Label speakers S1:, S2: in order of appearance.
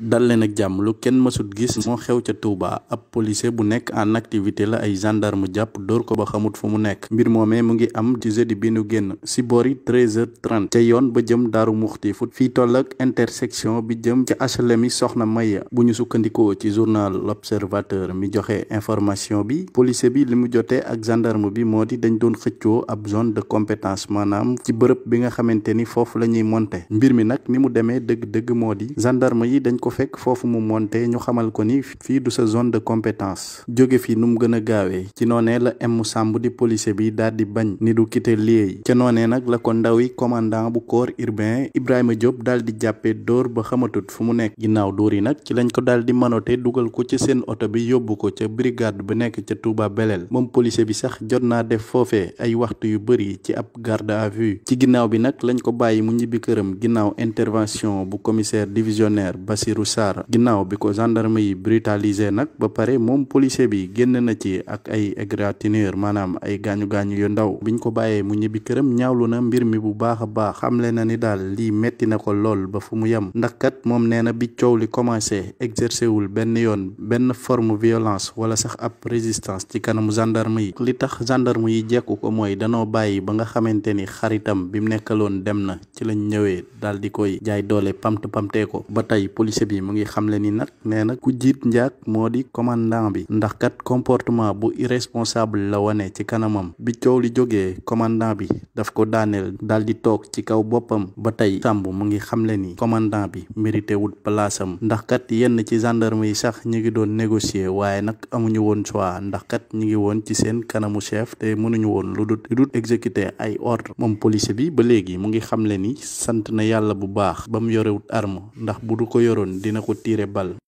S1: dal leen ak jàmm lu kenn mësut gis moo xew ca Touba ab policier bu nekk en activité la ay gendarme jàpp door ko ba xamut fu mu nekk mbir moomee mu ngi am ci jeudi bi génn si boori 13h30 ca yoon ba jëm Daaru Muxti fu fii toll ak intersection bi jëm ca HLM Soxna Maya bu ñu sukkandikoo ci journal L'Observateur mi joxe information bi policier bi li mu jotee ak gendarme bi moo di dañ doon xëccoo ab zone de compétence maanaam ci bërëb bi nga xamante ni foofu la ñuy monte mbir mi nag ni mu demee dëgg-dëgg moo di gendarme yi dañ ko ko fekk foofu mu monté ñu xamal ko ni fii du sa zone de compétence jóge fi nu mu gën a gaawee ci noonee la M Samb di policier bi daal di bañ ni du quitté lieu yi ca noonee nag la ko ndawi commandant bu corps urbain Ibrahima Diop dal di jàppee door ba xamatut fu mu nekk ginnaaw dóor yi nag ci lañ ko daal di manote dugal ko ci seen oto bi yóbbu ko ca brigade ba nekk ca Touba Belel moom policier bi sax jot naa def foofe ay waxtu yu bëri ci ab garde à vue ci ginnaaw bi nag lañ ko bàyyi mu ñibbi këram ginnaaw intervention bu commissaire divisionnaire Bassirou Tahirou Sarr ginnaaw bi ko gendarme yi brutalisé nag ba pare moom policier bi génn na ci ak ay égratignure maanaam ay gaañu-gaañu yu ndaw biñ ko bàyyee mu ñibbi këram ñaawlu na mbir mi bu baax a baax xamle na ni daal lii metti na ko lool ba fu mu yem ndax kat moom nee na bi coow li commencé exercé wul benn yoon benn forme violence wala sax ab résistance ci kanamu gendarme yi li tax gendarme yi jekku ko mooy danoo bàyyi ba nga xamante ni xaritam bi mu nekkaloon dem na ci lañ ñëwee daal di koy jaay doole bi mu ngi xamle ni nak neena ku jiit njaag moo di commandant bi ndax kat comportement bu irresponsable la wone ci kanamam bi coow li jógee commandant bi daf ko daaneel dal di toog ci kaw boppam ba tey sàmb mu ngi xamle ni commandant bi mérité wut palaasam ndax kat yenn ci gendarme yi sax ñi ngi doon négocier waaye nag amuñu woon choix ndax kat ñi ngi woon ci seen kanamu chef te mënuñu woon lu dut lu dut exécuter ay ordre moom police bi ba léegi mu ngi xamle ni sant na yàlla bu baax ba mu yorewut arme ndax bu du ko yoroon dina ko tiire bal